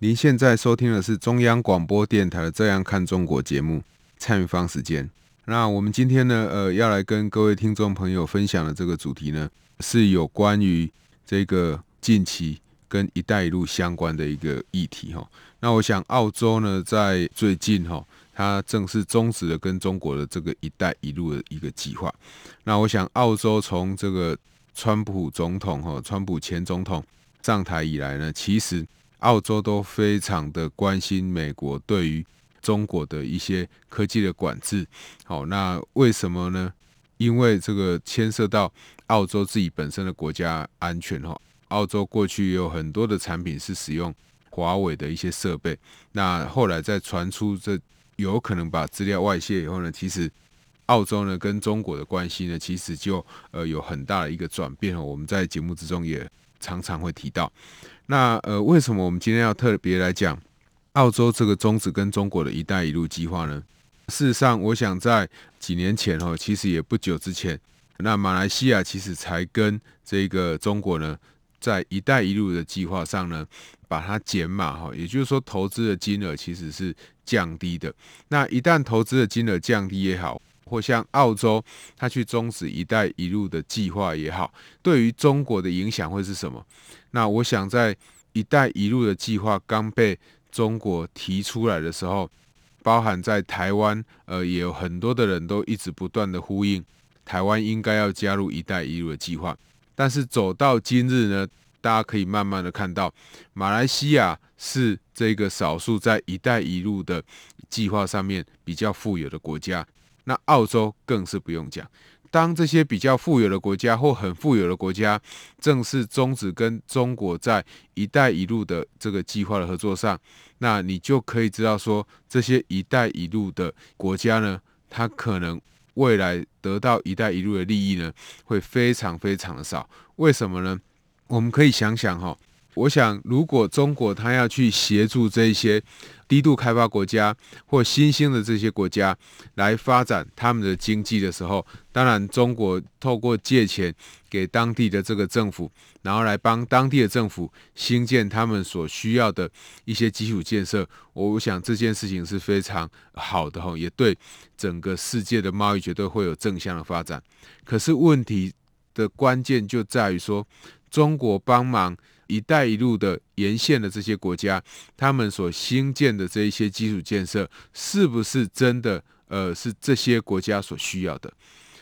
您現在收聽的是中央廣播電台的《這樣看中國》節目，蔡明芳時間。那我們今天呢，呃，要來跟各位聽眾朋友分享的這個主題呢，是有關於這個近期跟“一帶一路”相關的一個議題哈。那我想，澳洲呢，在最近哈，它正式終止了跟中國的這個“一帶一路”的一個計劃。那我想，澳洲從這個川普總統哈川普前總統上台以來呢，其實澳洲都非常的關心美國對於中國的一些科技的管制。好，那為什麼呢？因為這個牽涉到澳洲自己本身的國家安全哈。澳洲過去也有很多的產品是使用華為的一些設備，那後來再傳出這有可能把資料外泄以後呢，其實澳洲呢跟中國的關係呢，其實就呃有很大的一個轉變。我們在節目之中也常常會提到。那呃，為什麼我們今天要特別來講澳洲這個中止跟中國的一帶一路計劃呢？事實上，我想在幾年前哈，其實也不久之前，那馬來西亞其實才跟這個中國呢，在一帶一路的計劃上呢，把它減碼哈，也就是說投資的金額其實是降低的。那一旦投資的金額降低也好。或像澳洲，他去終止“一帶一路”的計劃也好，對於中國的影響會是什麼？那我想，在“一帶一路”的計劃剛被中國提出來的時候，包含在台灣，呃，也有很多的人都一直不斷的呼應，台灣應該要加入“一帶一路”的計劃。但是走到今日呢，大家可以慢慢的看到，馬來西亞是這個少數在“一帶一路”的計劃上面比較富有的國家。那澳洲更是不用講，當這些比較富有的國家或很富有的國家正式終止跟中國在“一帶一路”的這個計劃的合作上，那你就可以知道說，這些“一帶一路”的國家呢，它可能未來得到“一帶一路”的利益呢，會非常非常的少。為什麼呢？我們可以想想哈。我想，如果中國它要去協助這些低度開發國家或新興的這些國家來發展他們的經濟的時候，當然，中國透過借錢給當地的這個政府，然後來幫當地的政府興建他們所需要的一些基礎建設，我想這件事情是非常好的，也對整個世界的貿易絕對會有正向的發展。可是問題的關鍵就在於說，中國幫忙。“一帶一路”的沿線的這些國家，他們所興建的這一些基礎建設，是不是真的是，呃，是這些國家所需要的？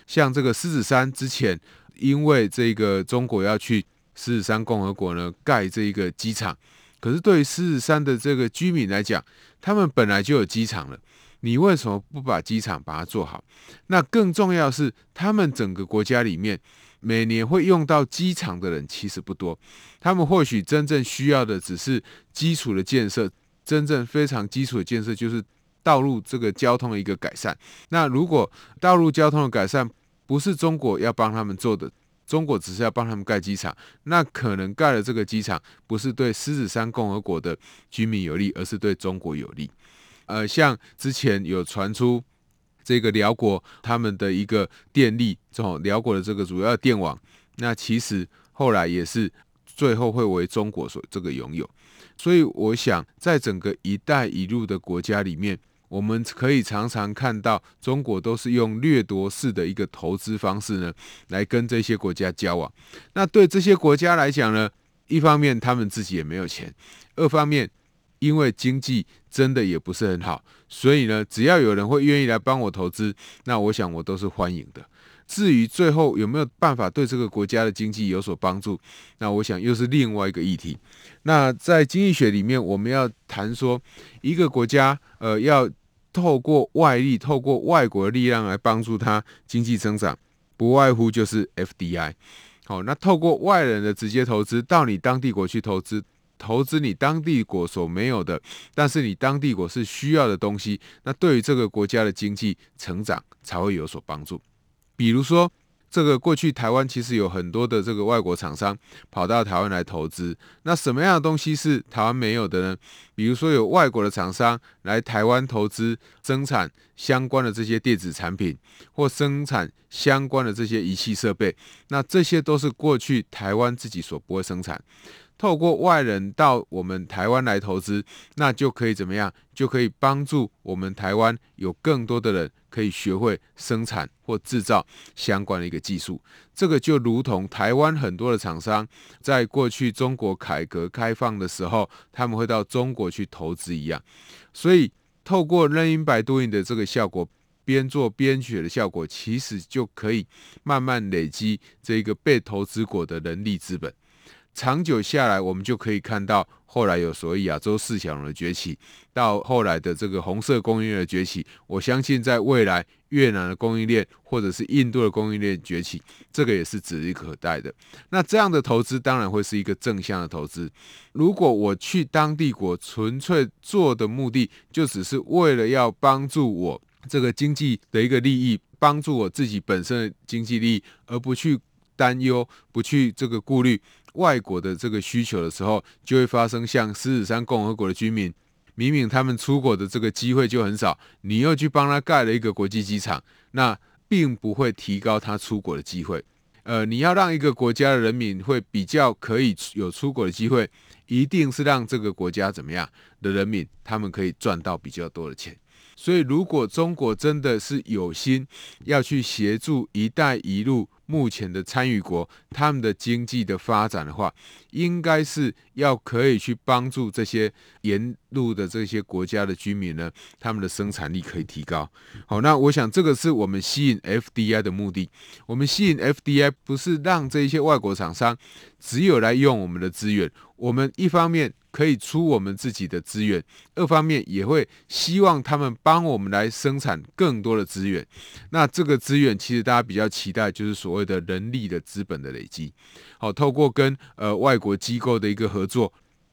像這個獅子山之前，因為這個中國要去獅子山共和國呢蓋這個機場，可是對於獅子山的這個居民來講，他們本來就有機場了，你為什麼不把機場把它做好？那更重要的是，他們整個國家裡面，每年會用到機場的人其實不多，他們或許真正需要的只是基礎的建設，真正非常基礎的建設就是道路這個交通的一個改善。那如果道路交通的改善不是中國要幫他們做的，中國只是要幫他們蓋機場，那可能蓋了這個機場不是對獅子山共和國的居民有利，而是對中國有利。呃，像之前有傳出。這個寮國他們的一個電力，這種寮國的這個主要電網，那其實後來也是最後會為中國所這個擁有。所以我想，在整個“一帶一路”的國家裡面，我們可以常常看到中國都是用掠奪式的一個投資方式呢，來跟這些國家交往。那對這些國家來講呢，一方面他們自己也沒有錢，二方面。因為經濟真的也不是很好，所以呢，只要有人會願意來幫我投資，那我想我都是歡迎的。至於最後有沒有辦法對這個國家的經濟有所幫助，那我想又是另外一個議題。那在經濟學裡面，我們要談說一個國家，呃，要透過外力、透過外國的力量來幫助它經濟增長，不外乎就是 FDI。好，那透過外人的直接投資到你當地國去投資。投資你當地國所沒有的，但是你當地國是需要的東西，那對於這個國家的經濟成長才會有所幫助。比如說，這個過去台灣其實有很多的這個外國廠商跑到台灣來投資。那什麼樣的東西是台灣沒有的呢？比如說，有外國的廠商來台灣投資生產相關的這些電子產品，或生產相關的這些儀器設備。那這些都是過去台灣自己所不會生產。透過外人到我們台灣來投資，那就可以怎麼樣？就可以幫助我們台灣有更多的人可以學會生產或制造相關的一個技術。這個就如同台灣很多的廠商在過去中國改革開放的時候，他們會到中國去投資一樣。所以，透過 learning by doing 的這個效果，邊做邊學的效果，其實就可以慢慢累積這個被投資過的人力資本。長久下來，我們就可以看到，後來有所謂亞洲四小龍的崛起，到後來的這個紅色供應鏈的崛起。我相信，在未來，越南的供應鏈或者是印度的供應鏈崛起，這個也是指日可待的。那這樣的投資當然會是一個正向的投資。如果我去當地國，純粹做的目的就只是為了要幫助我這個經濟的一個利益，幫助我自己本身的經濟利益，而不去擔憂，不去這個顧慮。外國的這個需求的時候，就會發生像獅子山共和國的居民，明明他們出國的這個機會就很少，你又去幫他蓋了一個國際機場，那並不會提高他出國的機會。呃，你要讓一個國家的人民會比較可以有出國的機會，一定是讓這個國家怎麼樣的人民，他們可以賺到比較多的錢。所以，如果中國真的是有心要去協助“一帶一路”。目前的參與國，他們的經濟的發展的話，應該是要可以去幫助這些沿路的這些國家的居民呢，他們的生產力可以提高。好，那我想這個是我們吸引 FDI 的目的。我們吸引 FDI 不是讓這一些外國廠商只有來用我們的資源，我們一方面可以出我們自己的資源，二方面也會希望他們幫我們來生產更多的資源。那這個資源其實大家比較期待，就是所謂的人力的資本的累積。好，透過跟呃外國機構的一個合作。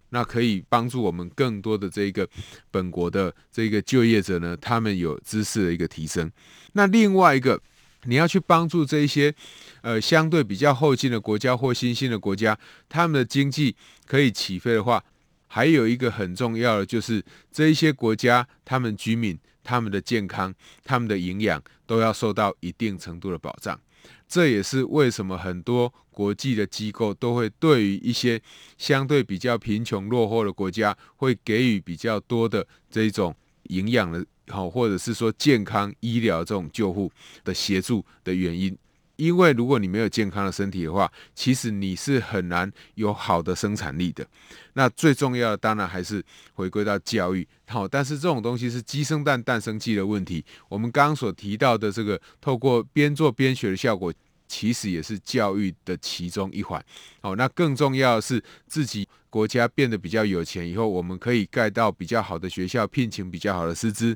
那可以幫助我們更多的這個本國的這個就業者呢，他們有知識的一個提升。那另外一個，你要去幫助這一些呃相對比較後進的國家或新興的國家，他們的經濟可以起飛的話，還有一個很重要的就是這一些國家，他們居民、他們的健康、他們的營養都要受到一定程度的保障。這也是為什麼很多國際的機構都會對於一些相對比較貧窮落後的國家會給予比較多的這種營養的，好，或者是說健康醫療這種救護的協助的原因。因為如果你沒有健康的身體的話，其實你是很難有好的生產力的。那最重要的當然還是回歸到教育，好，但是這種東西是雞生蛋，蛋生雞的問題。我們剛剛所提到的這個透過邊做邊學的效果，其實也是教育的其中一環。好，那更重要的是自己國家變得比較有錢以後，我們可以蓋到比較好的學校，聘請比較好的師資，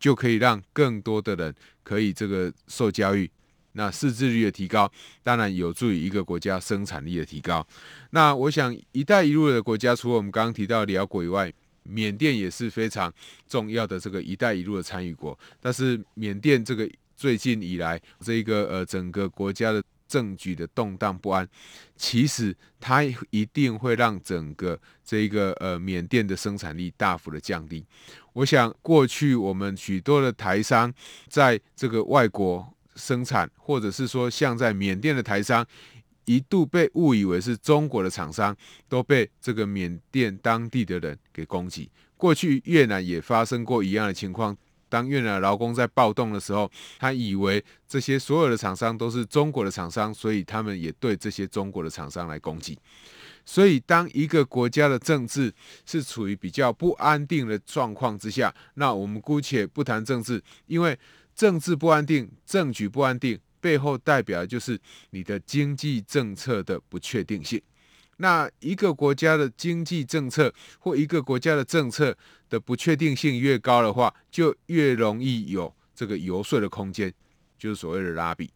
就可以讓更多的人可以這個受教育。那自製率的提高，當然有助於一個國家生產力的提高。那我想，一帶一路的國家，除了我們剛剛提到的寮國以外，緬甸也是非常重要的這個一帶一路的參與國。但是，緬甸這個最近以來，這一個呃整個國家的政局的動盪不安，其實它一定會讓整個這個呃緬甸的生產力大幅的降低。我想，過去我們許多的台商在這個外國。生產，或者是說像在緬甸的台商，一度被誤以為是中國的廠商，都被這個緬甸當地的人給攻擊。過去越南也發生過一樣的情況，當越南勞工在暴動的時候，他以為這些所有的廠商都是中國的廠商，所以他們也對這些中國的廠商來攻擊。所以，當一個國家的政治是處於比較不安定的狀況之下，那我們姑且不談政治，因為。政治不安定，政局不安定，背後代表的就是你的經濟政策的不確定性。那一個國家的經濟政策或一個國家的政策的不確定性越高的話，就越容易有這個遊說的空間，就是所謂的拉比。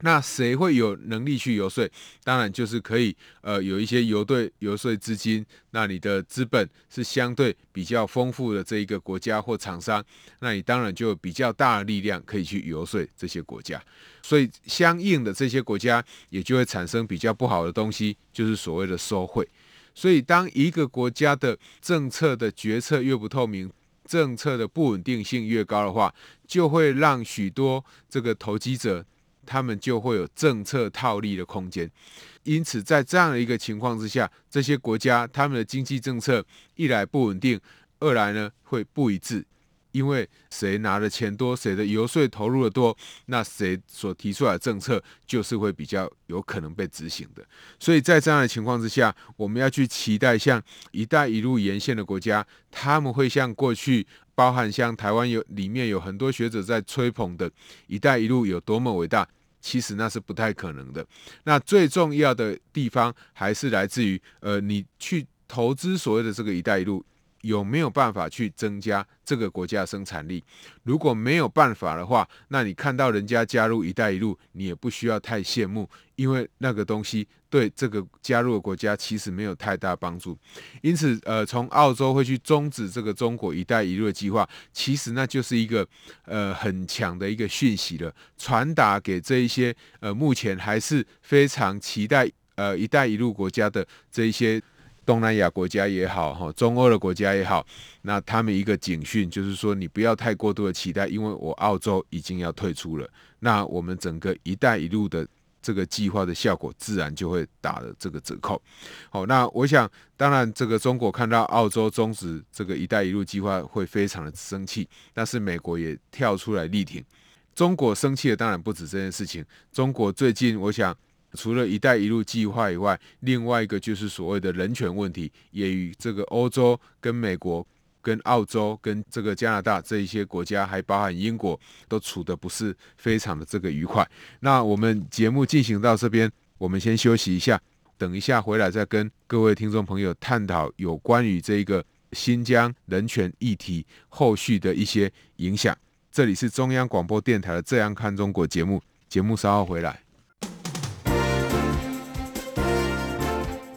那誰會有能力去遊說？當然就是可以，呃，有一些遊對遊說資金。那你的資本是相對比較豐富的這一個國家或廠商，那你當然就有比較大的力量可以去遊說這些國家。所以，相應的這些國家也就會產生比較不好的東西，就是所謂的收賄。所以，當一個國家的政策的決策越不透明，政策的不穩定性越高的話，就會讓許多這個投機者。他們就會有政策套利的空間，因此在這樣的一個情況之下，這些國家他們的經濟政策一來不穩定，二來呢會不一致，因為誰拿的錢多，誰的遊說投入的多，那誰所提出來的政策就是會比較有可能被執行的。所以在這樣的情況之下，我們要去期待像“一帶一路”沿線的國家，他們會像過去。包含像台灣有裡面有很多學者在吹捧的“一帶一路”有多麼偉大，其實那是不太可能的。那最重要的地方還是來自於，呃，你去投資所謂的這個“一帶一路”。有沒有辦法去增加這個國家的生產力？如果沒有辦法的話，那你看到人家加入“一帶一路”，你也不需要太羨慕，因為那個東西對這個加入的國家其實沒有太大幫助。因此，呃，從澳洲會去終止這個中國“一帶一路”的計劃，其實那就是一個呃很強的一個訊息了，傳達給這一些呃目前還是非常期待呃“一帶一路”國家的這一些。東南亞國家也好，哈，中歐的國家也好，那他們一個警訊就是說，你不要太過度的期待，因為我澳洲已經要退出了，那我們整個“一帶一路”的這個計劃的效果，自然就會打了這個折扣。好、哦，那我想，當然，這個中國看到澳洲終止這個“一帶一路”計劃，會非常的生氣，但是美國也跳出來力挺。中國生氣的當然不止這件事情，中國最近，我想。除了“一帶一路”計劃以外，另外一個就是所謂的人權問題，也與這個歐洲、跟美國、跟澳洲、跟這個加拿大這一些國家，還包含英國，都處得不是非常的這個愉快。那我們節目進行到這邊，我們先休息一下，等一下回來再跟各位聽眾朋友探討有關於這個新疆人權議題後續的一些影響。這裡是中央廣播電台的《這樣看中國》節目，節目稍後回來。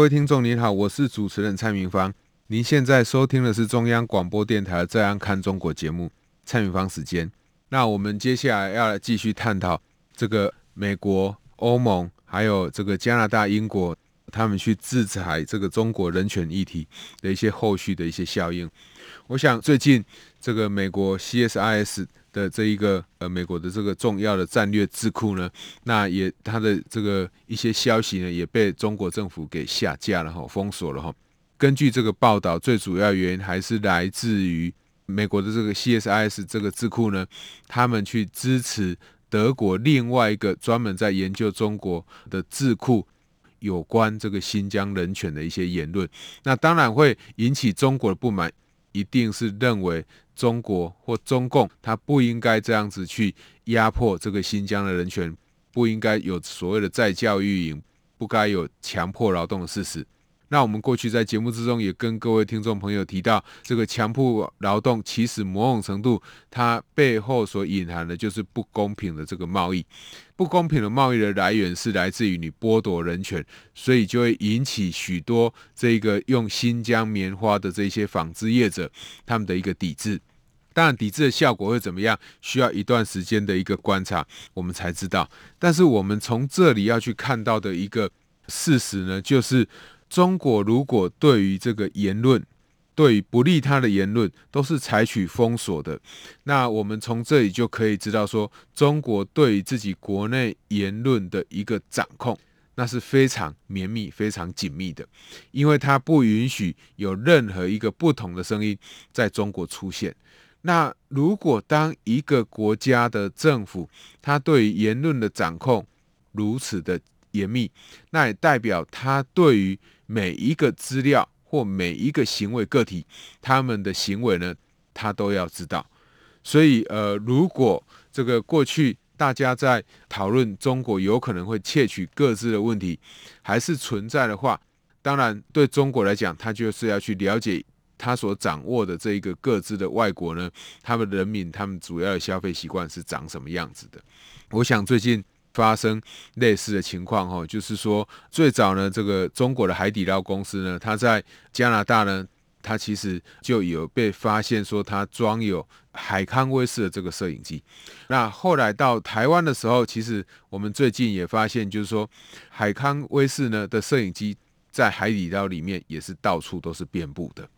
各位聽眾，您好，我是主持人蔡明芳。您現在收聽的是中央廣播電臺的《這樣看中國》節目，蔡明芳時間。那我們接下來要來繼續探討這個美國、歐盟，還有這個加拿大、英國。他們去制裁這個中國人權議題的一些後續的一些效應，我想最近這個美國 CSIS 的這一個呃美國的這個重要的戰略智庫呢，那也他的這個一些消息呢也被中國政府給下架了吼、哦、封鎖了吼、哦、根據這個報道，最主要原因還是來自於美國的這個 CSIS 這個智庫呢，他們去支持德國另外一個專門在研究中國的智庫。有關這個新疆人權的一些言論，那當然會引起中國的不滿，一定是認為中國或中共他不應該這樣子去壓迫這個新疆的人權，不應該有所謂的再教育營，不該有強迫勞動的事實。那我們過去在節目之中也跟各位聽眾朋友提到，這個強迫勞動其實某種程度，它背後所隱含的就是不公平的這個貿易。不公平的貿易的來源是來自於你剝奪人權，所以就會引起許多這個用新疆棉花的這些紡織業者他們的一個抵制。當然，抵制的效果會怎麼樣，需要一段時間的一個觀察，我們才知道。但是我們從這裡要去看到的一個事實呢，就是。中國如果對於這個言論，對於不利他的言論都是採取封鎖的，那我們從這裡就可以知道說，說中國對於自己國內言論的一個掌控，那是非常綿密、非常緊密的，因為它不允許有任何一個不同的聲音在中國出現。那如果當一個國家的政府，它對於言論的掌控如此的嚴密，那也代表它對於每一個資料或每一個行為個體，他們的行為呢，他都要知道。所以，呃，如果這個過去大家在討論中國有可能會竊取個資的問題，還是存在的話，當然對中國來講，他就是要去了解他所掌握的這一個個資的外國呢，他們人民他們主要的消費習慣是長什麼樣子的。我想最近，發生類似的情況哈，就是說最早呢，這個中國的海底撈公司呢，它在加拿大呢，它其實就有被發現說它裝有海康威視的這個攝影機。那後來到台灣的時候，其實我們最近也發現，就是說，海康威視呢的攝影機在海底撈裡面也是到處都是遍布的。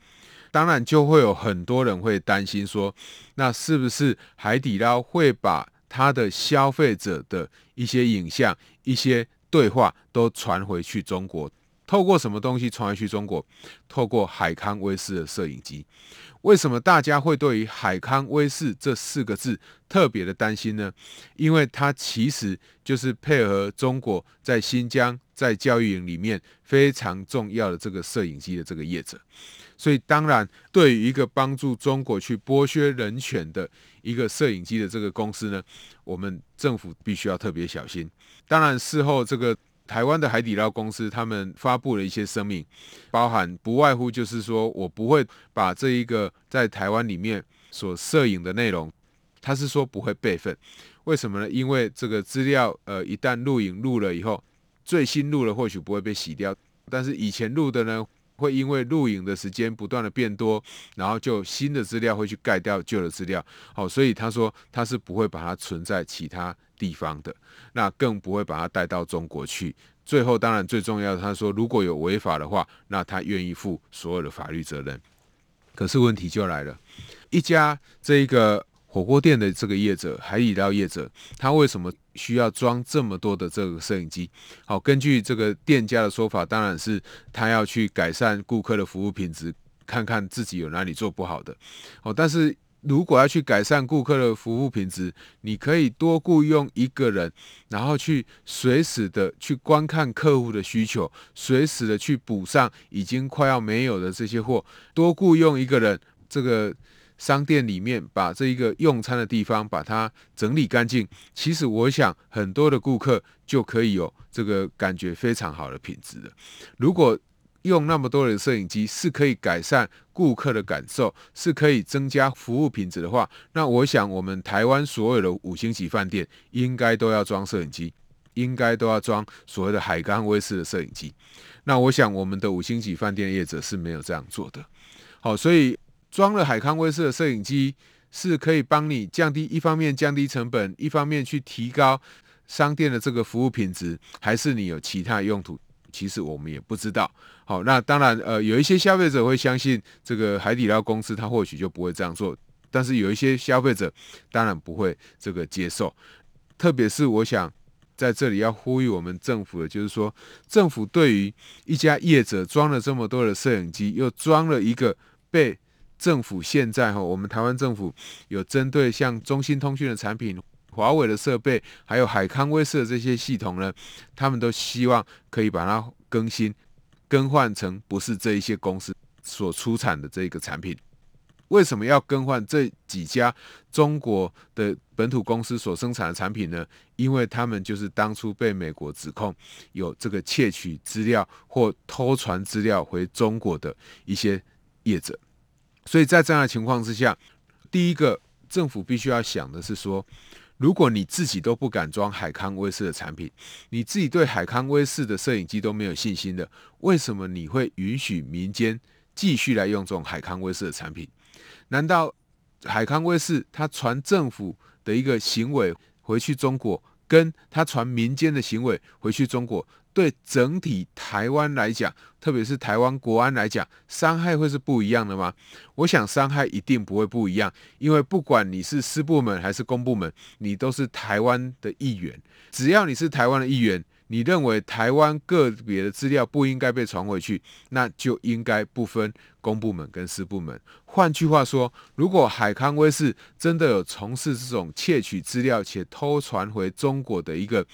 當然，就會有很多人會擔心說，那是不是海底撈會把？他的消費者的一些影像、一些對話都傳回去中國。透過什麼東西傳來去中國？透過海康威視的攝影機。為什麼大家會對於海康威視這四個字特別的擔心呢？因為它其實就是配合中國在新疆在教育營裡面非常重要的這個攝影機的這個業者。所以當然，對於一個幫助中國去剝削人權的一個攝影機的這個公司呢，我們政府必須要特別小心。當然，事後這個。台灣的海底撈公司，他們發布了一些聲明，包含不外乎就是說，我不會把這一個在台灣裡面所攝影的內容，他是說不會備份，為什麼呢？因為這個資料，呃，一旦錄影錄了以後，最新錄了或許不會被洗掉，但是以前錄的呢，會因為錄影的時間不斷的變多，然後就新的資料會去蓋掉舊的資料，好、哦，所以他說他是不會把它存在其他。地方的，那更不會把他帶到中國去。最後，當然最重要，他說如果有違法的話，那他願意負所有的法律責任。可是問題就來了，一家這一個火鍋店的這個業者，海底撈業者，他為什麼需要裝這麼多的這個攝影機？好，哦，根據這個店家的說法，當然是他要去改善顧客的服務品質，看看自己有哪裡做不好的。哦，但是。如果要去改善顧客的服務品質，你可以多僱傭一個人，然後去隨時的去觀看客戶的需求，隨時的去補上已經快要沒有的這些貨。多僱傭一個人，這個商店裡面把這一個用餐的地方把它整理乾淨，其實我想很多的顧客就可以有這個感覺非常好的品質了。如果用那麼多的攝影機是可以改善顧客的感受，是可以增加服務品質的話，那我想我們台灣所有的五星級飯店應該都要裝攝影機，應該都要裝所謂的海康威視的攝影機。那我想我們的五星級飯店業者是沒有這樣做的。好、哦，所以裝了海康威視的攝影機是可以幫你降低，一方面降低成本，一方面去提高商店的這個服務品質，還是你有其他用途？其實我們也不知道。好，那當然，呃，有一些消費者會相信這個海底撈公司，他或許就不會這樣做。但是有一些消費者當然不會這個接受。特別是我想在這裡要呼籲我們政府的，就是說政府對於一家業者裝了這麼多的攝影機，又裝了一個被政府現在哈，我們台灣政府有針對像中興通訊的產品。華為的設備，還有海康威視的這些系統呢，他們都希望可以把它更新、更換成不是這一些公司所出產的這個產品。為什麼要更換這幾家中國的本土公司所生產的產品呢？因為他們就是當初被美國指控有這個竊取資料或偷傳資料回中國的一些業者。所以在這樣的情況之下，第一個，政府必須要想的是說，如果你自己都不敢裝海康威視的產品，你自己對海康威視的攝影機都沒有信心的，為什麼你會允許民間繼續來用這種海康威視的產品？難道海康威視他傳政府的一個行為回去中國，跟他傳民間的行為回去中國？對整體台灣來講，特別是台灣國安來講，傷害會是不一樣的嗎？我想傷害一定不會不一樣，因為不管你是私部門還是公部門，你都是台灣的一員。只要你是台灣的一員，你認為台灣個別的資料不應該被傳回去，那就應該不分公部門跟私部門。換句話說，如果海康威視真的有從事這種竊取資料且偷傳回中國的一個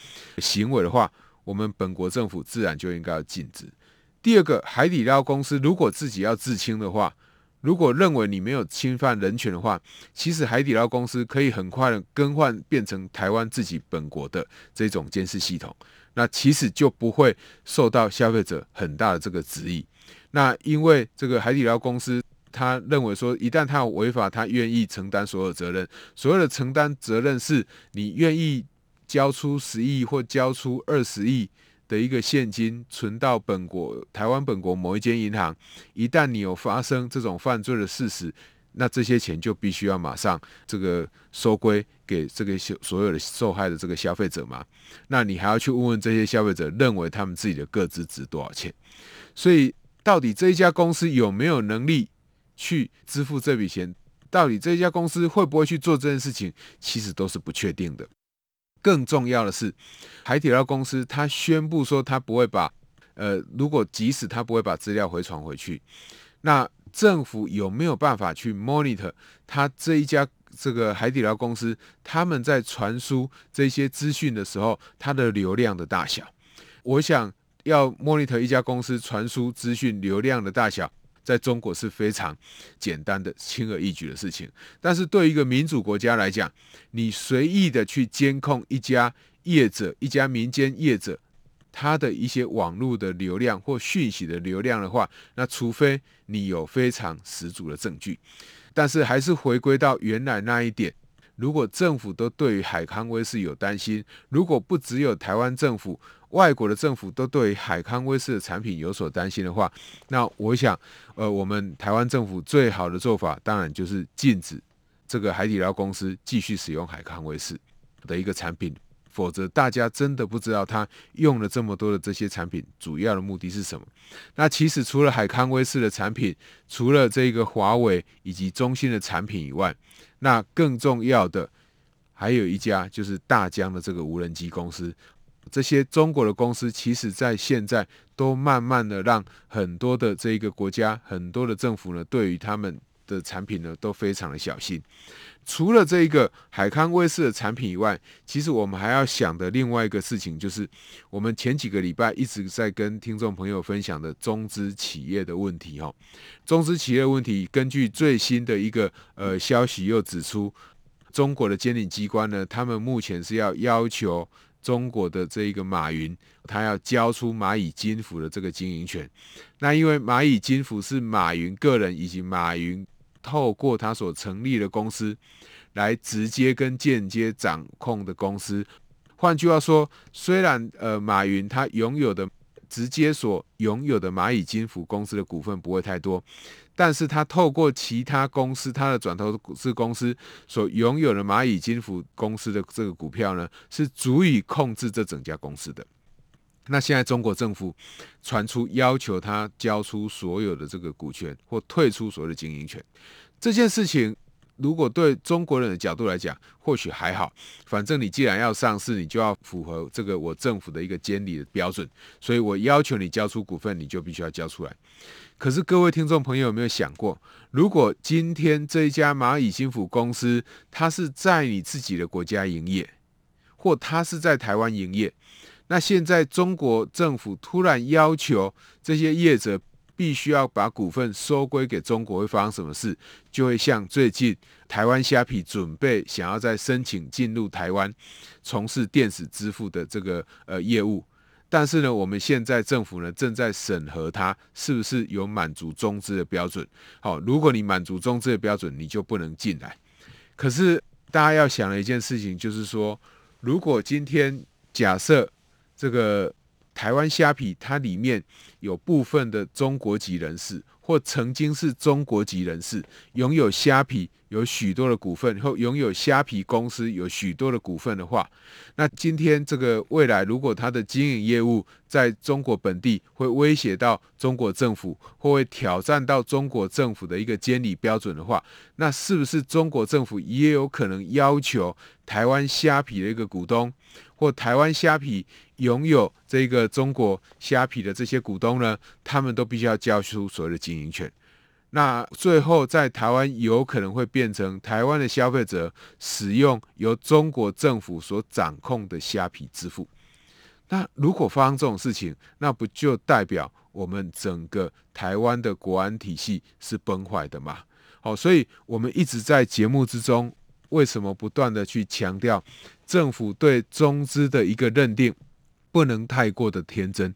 行為的話，我們本國政府自然就應該要禁止。第二個，海底撈公司如果自己要自清的話，如果認為你沒有侵犯人權的話，其實海底撈公司可以很快的更換變成台灣自己本國的這種監視系統，那其實就不會受到消費者很大的這個質疑。那因為這個海底撈公司，他認為說，一旦他有違法，他願意承擔所有責任。所謂的承擔責任，是你願意。交出十億或交出二十億的一個現金存到本國台灣本國某一間銀行，一旦你有發生這種犯罪的事實，那這些錢就必須要馬上這個收歸給這個所有的受害的這個消費者嘛？那你還要去問問這些消費者認為他們自己的個資值多少錢？所以到底這一家公司有沒有能力去支付這筆錢？到底這家公司會不會去做這件事情？其實都是不確定的。更重要的是，海底撈公司他宣布說他不會把，呃，如果即使他不會把資料回傳回去，那政府有沒有辦法去 monitor 他這一家這個海底撈公司他們在傳輸這些資訊的時候，它的流量的大小？我想要 monitor 一家公司傳輸資訊流量的大小。在中國是非常簡單的、輕而易舉的事情，但是對一個民主國家來講，你隨意的去監控一家業者、一家民間業者他的一些網絡的流量或訊息的流量的話，那除非你有非常十足的證據，但是還是回歸到原來那一點。如果政府都對於海康威視有擔心，如果不只有台灣政府，外國的政府都對於海康威視的產品有所擔心的話，那我想，呃，我們台灣政府最好的做法，當然就是禁止這個海底撈公司繼續使用海康威視的一個產品。否則，大家真的不知道他用了這麼多的這些產品，主要的目的是什麼？那其實除了海康威視的產品，除了這個華為以及中興的產品以外，那更重要的還有一家就是大疆的這個無人機公司。這些中國的公司，其實在現在都慢慢的讓很多的這一個國家、很多的政府呢，對於他們。的產品呢都非常的小心，除了這一個海康威視的產品以外，其實我們還要想的另外一個事情就是，我們前幾個禮拜一直在跟聽眾朋友分享的中資企業的問題、哦、中資企業問題，根據最新的一個呃消息又指出，中國的監理機關呢，他們目前是要要求中國的這一個馬雲，他要交出螞蟻金服的這個經營權，那因為螞蟻金服是馬雲個人以及馬雲。透過他所成立的公司來直接跟間接掌控的公司，換句話說，雖然呃馬雲他擁有的直接所擁有的螞蟻金服公司的股份不會太多，但是他透過其他公司他的轉投資公司所擁有的螞蟻金服公司的這個股票呢，是足以控制這整家公司的。那現在中國政府傳出要求他交出所有的這個股權或退出所有的經營權，這件事情如果對中國人的角度來講，或許還好。反正你既然要上市，你就要符合這個我政府的一個監理的標準，所以我要求你交出股份，你就必須要交出來。可是各位聽眾朋友有沒有想過，如果今天這一家螞蟻金服公司，它是在你自己的國家營業，或它是在台灣營業？那現在中國政府突然要求這些業者必須要把股份收歸給中國，會發生什麼事？就會像最近台灣蝦皮準備想要再申請進入台灣從事電子支付的這個呃業務，但是呢，我們現在政府呢正在審核它是不是有滿足中資的標準。好、哦，如果你滿足中資的標準，你就不能進來。可是大家要想的一件事情就是說，如果今天假設。這個台灣蝦皮，它裡面有部分的中國籍人士，或曾經是中國籍人士，擁有蝦皮有許多的股份，或擁有蝦皮公司有許多的股份的話，那今天這個未來，如果它的經營業務在中國本地會威脅到中國政府，或會挑戰到中國政府的一個監理標準的話，那是不是中國政府也有可能要求台灣蝦皮的一個股東，或台灣蝦皮，擁有這個中國蝦皮的這些股東呢，他們都必須要交出所有的經營權。那最後，在台灣有可能會變成台灣的消費者使用由中國政府所掌控的蝦皮支付。那如果發生這種事情，那不就代表我們整個台灣的國安體系是崩壞的嗎？好、哦，所以我們一直在節目之中，為什麼不斷的去強調政府對中資的一個認定？不能太過的天真。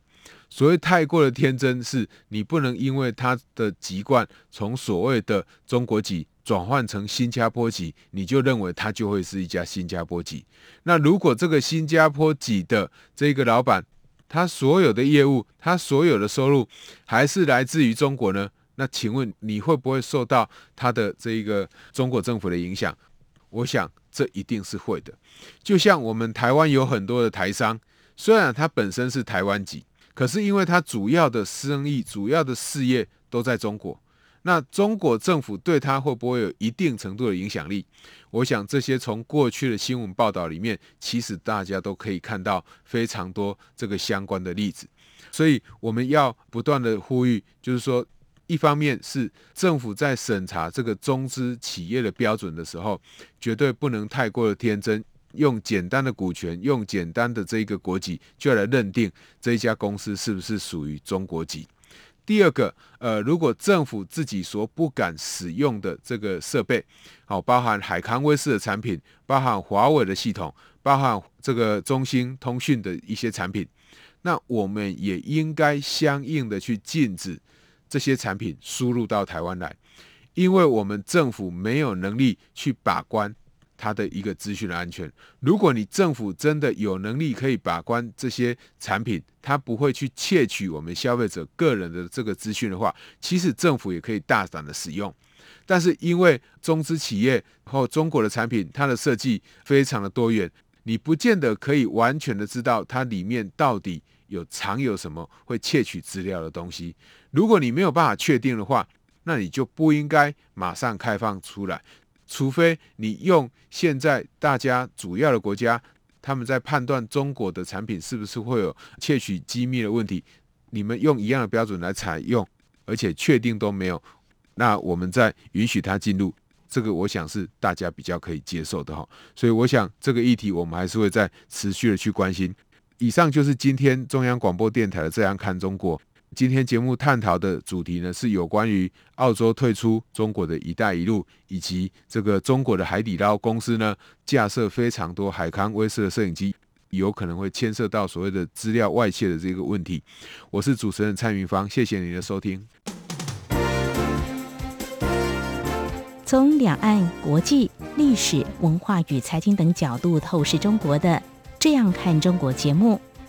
所謂太過的天真，是你不能因為他的籍貫從所謂的中國籍轉換成新加坡籍，你就認為他就會是一家新加坡籍。那如果這個新加坡籍的這個老闆，他所有的業務，他所有的收入還是來自於中國呢？那請問你會不會受到他的這個中國政府的影響？我想這一定是會的。就像我們台灣有很多的台商。雖然它本身是台灣籍，可是因為它主要的生意、主要的事業都在中國，那中國政府對它會不會有一定程度的影響力？我想這些從過去的新聞報道裡面，其實大家都可以看到非常多這個相關的例子。所以我們要不斷的呼籲，就是說，一方面是政府在審查這個中資企業的標準的時候，絕對不能太過的天真。用簡單的股權，用簡單的這一個國籍，就來認定這一家公司是不是屬於中國籍。第二個，呃，如果政府自己所不敢使用的這個設備，好、哦，包含海康威視的產品，包含華為的系統，包含這個中興通訊的一些產品，那我們也應該相應的去禁止這些產品輸入到台灣來，因為我們政府沒有能力去把關。它的一個資訊的安全。如果你政府真的有能力可以把關這些產品，它不會去竊取我們消費者個人的這個資訊的話，其實政府也可以大膽的使用。但是因為中資企業或中國的產品，它的設計非常的多元，你不見得可以完全的知道它裡面到底有藏有什麼會竊取資料的東西。如果你沒有辦法確定的話，那你就不應該馬上開放出來。除非你用現在大家主要的國家，他們在判斷中國的產品是不是會有竊取機密的問題，你們用一樣的標準來採用，而且確定都沒有，那我們再允許它進入，這個我想是大家比較可以接受的哈。所以我想這個議題我們還是會再持續的去關心。以上就是今天中央廣播電台的《這樣看中國》。今天節目探討的主題呢，是有關於澳洲退出中國的一帶一路，以及這個中國的海底撈公司呢架設非常多海康威視的攝影機，有可能會牽涉到所謂的資料外洩的這個問題。我是主持人蔡明芳，謝謝您的收聽。從兩岸、國際、歷史文化與財經等角度透視中國的，這樣看中國節目